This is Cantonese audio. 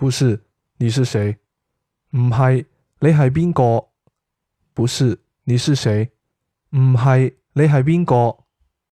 不是，你是誰？唔係，你係邊個？不是，你是誰？唔係，你係邊個？